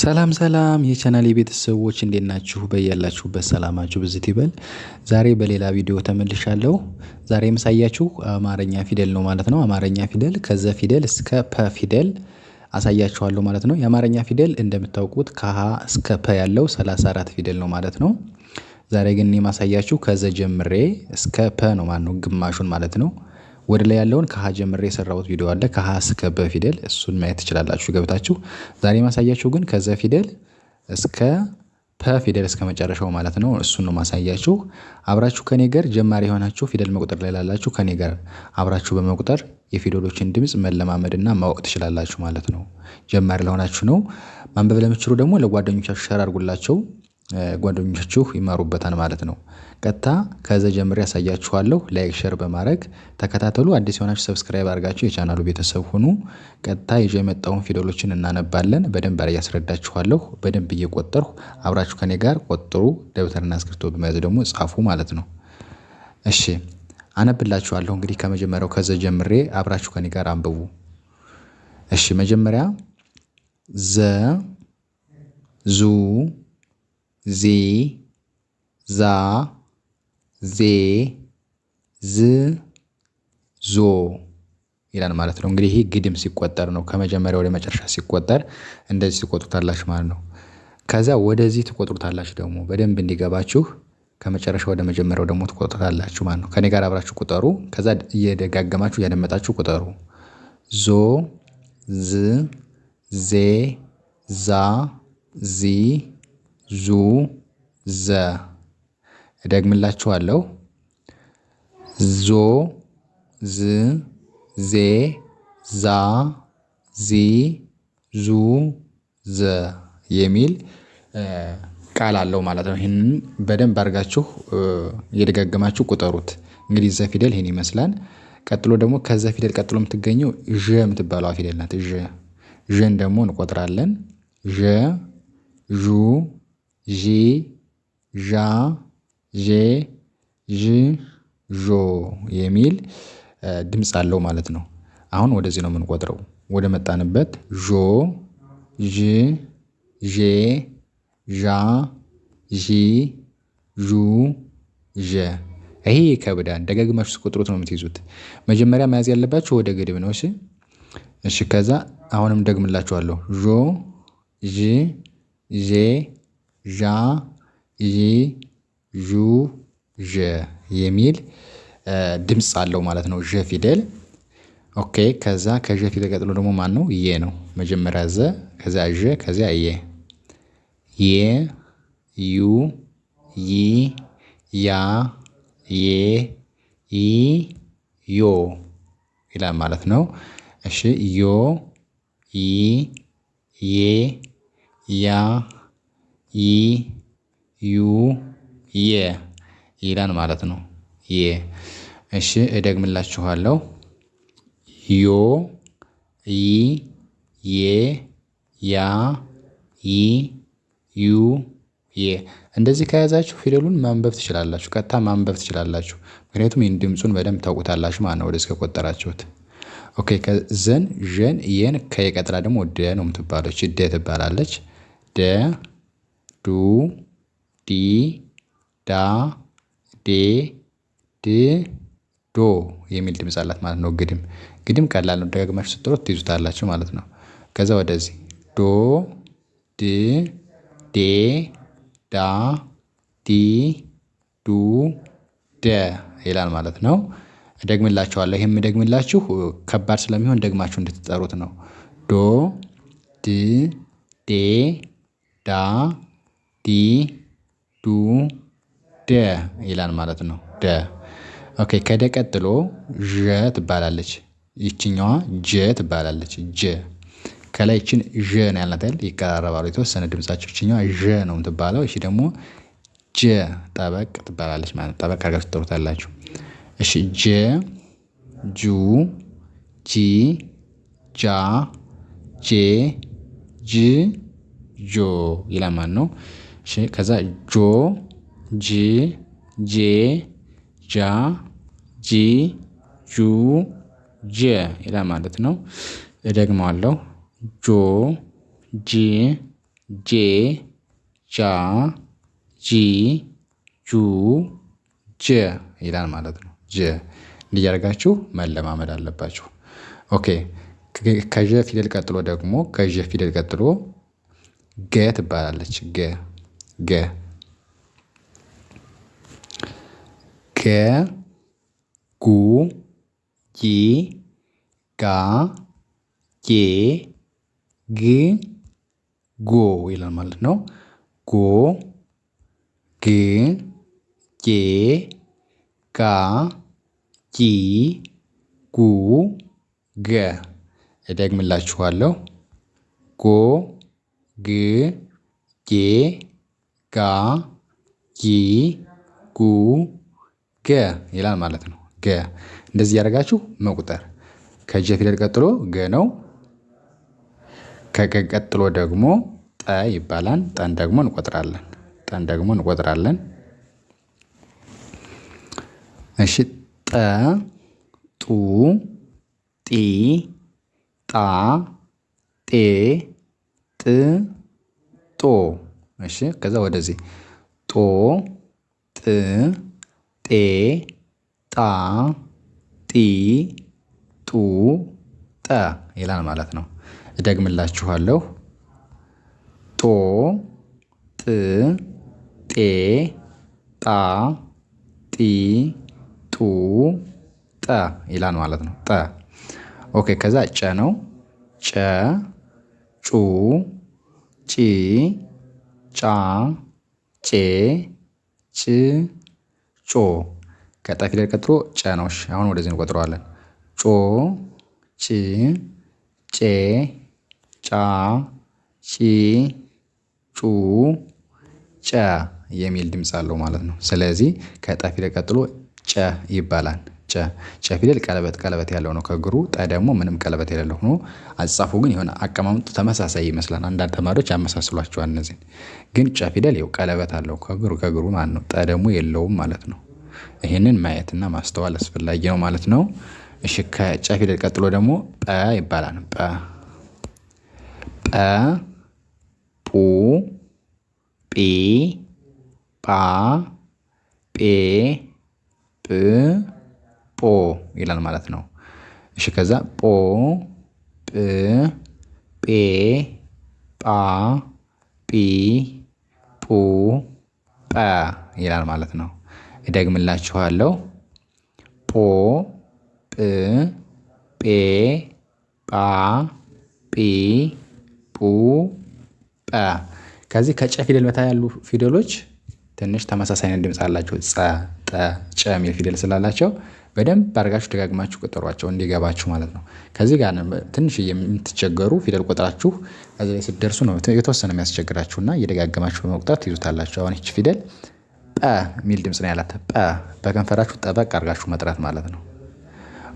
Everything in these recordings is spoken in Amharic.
ሰላም ሰላም የቻናል የቤተሰቦች እንዴት ናችሁ? በያላችሁበት ሰላማችሁ ብዝት ይበል። ዛሬ በሌላ ቪዲዮ ተመልሻለሁ። ዛሬ የምሳያችሁ አማርኛ ፊደል ነው ማለት ነው። አማርኛ ፊደል ከዘ ፊደል እስከ ፐ ፊደል አሳያችኋለሁ ማለት ነው። የአማርኛ ፊደል እንደምታውቁት ከሀ እስከ ፐ ያለው 34 ፊደል ነው ማለት ነው። ዛሬ ግን የማሳያችሁ ከዘ ጀምሬ እስከ ፐ ነው ማለት ነው፣ ግማሹን ማለት ነው። ወደ ላይ ያለውን ከሀ ጀምሬ የሰራሁት ቪዲዮ አለ ከሀ እስከ በ ፊደል እሱን ማየት ትችላላችሁ ገብታችሁ። ዛሬ ማሳያችሁ ግን ከዘ ፊደል እስከ ፐ ፊደል እስከ መጨረሻው ማለት ነው። እሱን ነው ማሳያችሁ። አብራችሁ ከኔ ጋር ጀማሪ የሆናችሁ ፊደል መቁጠር ላይ ላላችሁ ከኔ ጋር አብራችሁ በመቁጠር የፊደሎችን ድምፅ መለማመድና ማወቅ ትችላላችሁ ማለት ነው። ጀማሪ ለሆናችሁ ነው። ማንበብ ለምችሉ ደግሞ ለጓደኞቻችሁ ሸር አድርጉላቸው። ጓደኞቻችሁ ይማሩበታል ማለት ነው። ቀጥታ ከዘ ጀምሬ ያሳያችኋለሁ። ላይክ ሼር በማድረግ ተከታተሉ አዲስ የሆናችሁ ሰብስክራይብ አድርጋችሁ የቻናሉ ቤተሰብ ሁኑ። ቀጥታ ይዤ የመጣውን ፊደሎችን እናነባለን በደንብ ላይ ያስረዳችኋለሁ። በደንብ እየቆጠርሁ አብራችሁ ከኔ ጋር ቆጥሩ ደብተርና እስክርቶ በመያዝ ደግሞ ጻፉ ማለት ነው። እሺ አነብላችኋለሁ እንግዲህ ከመጀመሪያው ከዘ ጀምሬ አብራችሁ ከኔ ጋር አንብቡ። እሺ መጀመሪያ ዘ ዙ ዚ ዛ ዜ ዝ ዞ ይላል ማለት ነው። እንግዲህ ይህ ግድም ሲቆጠር ነው ከመጀመሪያ ወደ መጨረሻ ሲቆጠር እንደዚህ ትቆጥሩታላችሁ ማለት ነው። ከዛ ወደዚህ ትቆጥሩታላችሁ ደግሞ በደንብ እንዲገባችሁ ከመጨረሻ ወደ መጀመሪያው ደግሞ ትቆጥሩታላችሁ ማለት ነው። ከኔ ጋር አብራችሁ ቁጠሩ። ከዛ እየደጋገማችሁ እያደመጣችሁ ቁጠሩ። ዞ ዝ ዜ ዛ ዚ ዙ ዘ እደግምላችኋለሁ ዞ ዝ ዜ ዛ ዚ ዙ ዘ የሚል ቃል አለው ማለት ነው። ይህንን በደንብ አድርጋችሁ እየደጋገማችሁ ቁጠሩት። እንግዲህ ዘ ፊደል ይህን ይመስላል። ቀጥሎ ደግሞ ከዘ ፊደል ቀጥሎ የምትገኘው ዥ የምትባለዋ ፊደል ናት። ዠ ደግሞ እንቆጥራለን ዥ። ዡ ዢ ዣ ዤ ዥ ዦ የሚል ድምጽ አለው ማለት ነው። አሁን ወደዚህ ነው የምንቆጥረው ወደ መጣንበት ዦ ዥ ዤ ዣ ዢ ዡ ዠ ይሄ ይከብዳል ደጋግማችሁ ስትቆጥሩት ነው የምትይዙት። መጀመሪያ መያዝ ያለባችሁ ወደ ግድም ነው እሺ። እሺ ከዛ አሁንም ደግምላችኋለሁ ዦ ዥ ዤ ዣ ዤ ዡ ዠ የሚል ድምጽ አለው ማለት ነው። ዠ ፊደል ኦኬ ከዛ ከዠ ፊደል ቀጥሎ ደግሞ ማነው የ ነው። መጀመሪያ ዘ ከዛ ዠ ከዛ የ የ ዩ ይ ያ ዬ ይ ዮ ይላል ማለት ነው። እሺ ዮ ይ ያ ኢ ዩ የ ይላል ማለት ነው። የ እሺ እደግምላችኋለሁ። ዮ ኢ የ ያ ይ ዩ የ እንደዚህ ከያዛችሁ ፊደሉን ማንበብ ትችላላችሁ ቀጥታ ማንበብ ትችላላችሁ ምክንያቱም ይህን ድምፁን በደንብ ታውቁታላችሁ ማለት ነው። ወደዚህ ከቆጠራችሁት ኦኬ ከዘን ዠን የን ከየቀጥላ ደግሞ ደ ነው የምትባለች ደ ትባላለች። ደ ዱ ዲ ዳ ዴ ድ ዶ የሚል ድምጽ አላት ማለት ነው። ግድም ግድም ቀላል ነው ደጋግማችሁ ስትጠሩት ትይዙታላችሁ ማለት ነው። ከዛ ወደዚህ ዶ ድ ዴ ዳ ዲ ዱ ደ ይላል ማለት ነው። እደግምላችኋለሁ ይህም እደግምላችሁ ከባድ ስለሚሆን ደግማችሁ እንድትጠሩት ነው። ዶ ድ ዴ ዳ ዲ ዱ ደ ይላል ማለት ነው። ደ ኦኬ ከደ ቀጥሎ ዠ ትባላለች ይችኛዋ ጀ ትባላለች ጀ ከላይ ይችን ዠ ነው ያልናት አይደል? ይቀራረባሉ የተወሰነ ድምጻቸው። ይችኛዋ ዠ ነው የምትባለው። እሺ ደግሞ ጀ ጠበቅ ትባላለች ማለት ነው። ጠበቅ አድርጋችሁ ትጠሩታላችሁ። እሺ ጀ ጁ ጂ ጃ ጄ ጅ ጆ ይላማን ነው። ከዛ ጆ ጅ ጄ ጃ ጂ ጁ ጀ ይላል ማለት ነው። እደግመዋለሁ። ጆ ጅ ጄ ጃ ጂ ጁ ጀ ይላል ማለት ነው። ጀ እንዲያደርጋችሁ መለማመድ አለባችሁ። ኦኬ ከዠ ፊደል ቀጥሎ ደግሞ ከዠ ፊደል ቀጥሎ ገ ትባላለች ገ ገ ገ ጉ ጊ ጋ ጌ ግ ጎ ይላል ማለት ነው። ጎ ግ ጌ ጋ ጊ ጉ ገ እደግምላችኋለሁ። ጎ ግ ጌ ጋ ጊ ጉ ገ ይላል ማለት ነው። ገ እንደዚህ ያደርጋችሁ መቁጠር ከጀ ፊደል ቀጥሎ ገ ነው። ከገ ቀጥሎ ደግሞ ጠ ይባላል። ጠን ደግሞ እንቆጥራለን ጠን ደግሞ እንቆጥራለን። እሺ ጠ ጡ ጢ ጣ ጤ ጥ ጦ እሺ ከዛ ወደዚህ ጦ ጥ ጤ ጣ ጢ ጡ ጠ ይላል ማለት ነው። እደግምላችኋለሁ። ጦ ጥ ጤ ጣ ጢ ጡ ጠ ይላል ማለት ነው። ጠ ኦኬ። ከዛ ጨ ነው። ጨ ጩ ጪ ጫ ጬ ጭ ጮ ከጣ ፊደል ቀጥሎ ጨ ነው። እሺ አሁን ወደዚህ እንቆጥረዋለን። ጮ ጭ ጬ ጫ ጪ ጩ ጨ የሚል ድምጽ አለው ማለት ነው። ስለዚህ ከጠ ፊደል ቀጥሎ ጨ ይባላል ጨ ጨ ፊደል ቀለበት ቀለበት ያለው ነው ከእግሩ ጠ ደግሞ ምንም ቀለበት የሌለው ሆኖ አጻፉ ግን የሆነ አቀማመጡ ተመሳሳይ ይመስላል። አንዳንድ ተማሪዎች ያመሳስሏቸዋል እነዚህን ግን ጨ ፊደል ይኸው ቀለበት አለው ከእግሩ ከእግሩ ማለት ነው። ጠ ደግሞ የለውም ማለት ነው። ይሄንን ማየትና ማስተዋል አስፈላጊ ነው ማለት ነው። እሺ ከጨ ፊደል ቀጥሎ ደግሞ ጰ ይባላል። ጰ ጰ ጱ ጲ ጳ ጴ ጵ ጶ ይላል ማለት ነው። እሺ ከዛ ጶ ጵ ጴ ጳ ጲ ጱ ጰ ይላል ማለት ነው። እደግምላችኋለሁ። ጶ ጵ ጴ ጳ ጲ ጱ ጰ ከዚህ ከጨ ፊደል በታ ያሉ ፊደሎች ትንሽ ተመሳሳይ ድምፅ አላቸው። ጸ፣ ጠ፣ ጨ የሚል ፊደል ስላላቸው በደንብ አድርጋችሁ ደጋግማችሁ ቁጠሯቸው እንዲገባችሁ ማለት ነው። ከዚህ ጋር ትንሽ የምትቸገሩ ፊደል ቁጥራችሁ እዚህ ላይ ስትደርሱ ነው የተወሰነ የሚያስቸግራችሁ እና እየደጋገማችሁ በመቁጠር ትይዙታላችሁ። አሁን ይች ፊደል ጰ የሚል ድምጽ ነው ያላት። ጰ በከንፈራችሁ ጠበቅ አድርጋችሁ መጥራት ማለት ነው።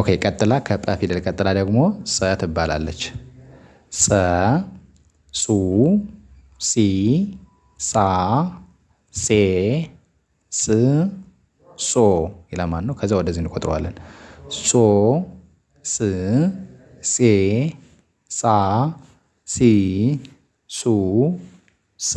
ኦኬ ቀጥላ ከጰ ፊደል ቀጥላ ደግሞ ጸ ትባላለች። ጸ ጹ ሲ፣ ጻ ጼ ጽ ሶ ይላል ማለት ነው። ከዛ ወደዚህ እንቆጥረዋለን። ጾ ፅ ፄ ጻ ጺ ጹ ጸ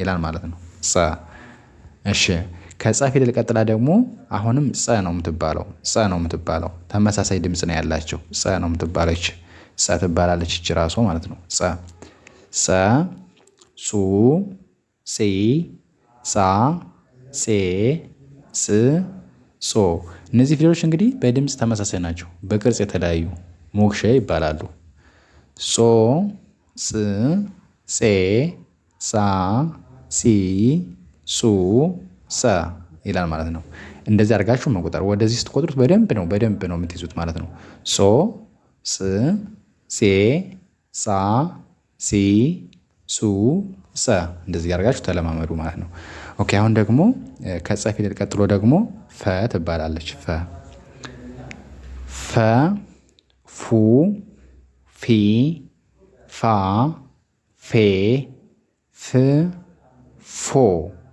ይላል ማለት ነው። ጸ እሺ። ከጸ ፊደል ቀጥላ ደግሞ አሁንም ጸ ነው የምትባለው። ጸ ነው የምትባለው ተመሳሳይ ድምፅ ነው ያላቸው። ጸ ነው የምትባለች ጸ ትባላለች እች ራሷ ማለት ነው። ጸ ጸ ጹ ጺ ጻ ጼ ስ ጾ እነዚህ ፊደሎች እንግዲህ በድምፅ ተመሳሳይ ናቸው፣ በቅርጽ የተለያዩ ሞክሸ ይባላሉ። ጾ ፅ ፄ ፃ ሲ ጹ ሰ ይላል ማለት ነው። እንደዚህ አድርጋችሁ መቁጠር ወደዚህ ስትቆጥሩት በደንብ ነው በደንብ ነው የምትይዙት ማለት ነው። ጾ ፅ ፄ ፃ ሲ ጹ ሰ እንደዚህ አድርጋችሁ ተለማመዱ ማለት ነው። ኦኬ። አሁን ደግሞ ከጸ ፊደል ቀጥሎ ደግሞ ፈ ትባላለች። ፈ ፈ ፉ ፊ ፋ ፌ ፍ ፎ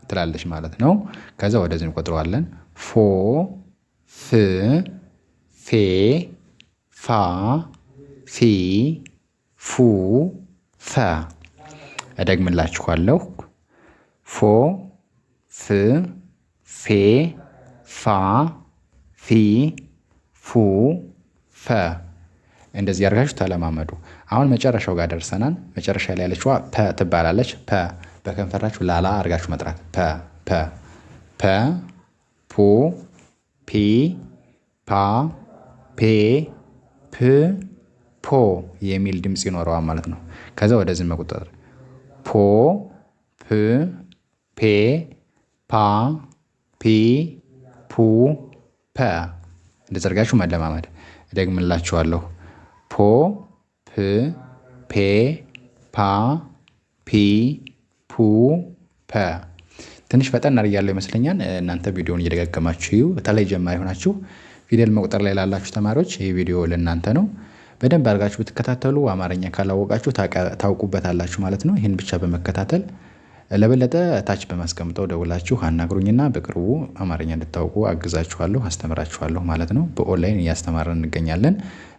ትላለች ማለት ነው። ከዛ ወደዚህ እንቆጥረዋለን። ፎ ፍ ፌ ፋ ፊ ፉ ፈ። እደግምላችኋለሁ ፎ ፍ ፌ ፋ ፊ ፉ ፈ እንደዚህ አድርጋችሁ ተለማመዱ። አሁን መጨረሻው ጋር ደርሰናል። መጨረሻ ላይ ያለችዋ ፐ ትባላለች። ፐ በከንፈራችሁ ላላ አድርጋችሁ መጥራት ፐ ፐ ፐ ፑ ፒ ፓ ፔ ፕ ፖ የሚል ድምፅ ይኖረዋል ማለት ነው። ከዛ ወደዚህ መቆጠር ፖ ፕ ፔ ፓ ፒ ፑ ፐ እንደዛ አድርጋችሁ መለማመድ። እደግምላችኋለሁ። ፖ ፕ ፔ ፓ ፒ ፑ ፐ ትንሽ ፈጠን አድርጌያለሁ ይመስለኛል። እናንተ ቪዲዮውን እየደጋገማችሁ በተለይ ጀማሪ ሆናችሁ ፊደል መቁጠር ላይ ላላችሁ ተማሪዎች ይህ ቪዲዮ ለእናንተ ነው። በደንብ አድርጋችሁ ብትከታተሉ አማርኛ ካላወቃችሁ ታውቁበታላችሁ ማለት ነው። ይህን ብቻ በመከታተል ለበለጠ ታች በማስቀምጠው ደውላችሁ አናግሩኝና በቅርቡ አማርኛ እንድታውቁ አግዛችኋለሁ አስተምራችኋለሁ ማለት ነው። በኦንላይን እያስተማረን እንገኛለን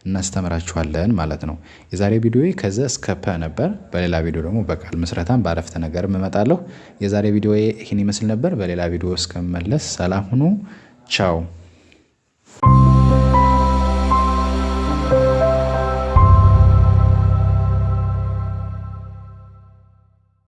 እናስተምራችኋለን ማለት ነው። የዛሬ ቪዲዮ ከዘ እስከ ፐ ነበር። በሌላ ቪዲዮ ደግሞ በቃል ምስረታን በአረፍተ ነገር እመጣለሁ። የዛሬ ቪዲዮ ይህን ይመስል ነበር። በሌላ ቪዲዮ እስከመለስ ሰላም ሁኑ። ቻው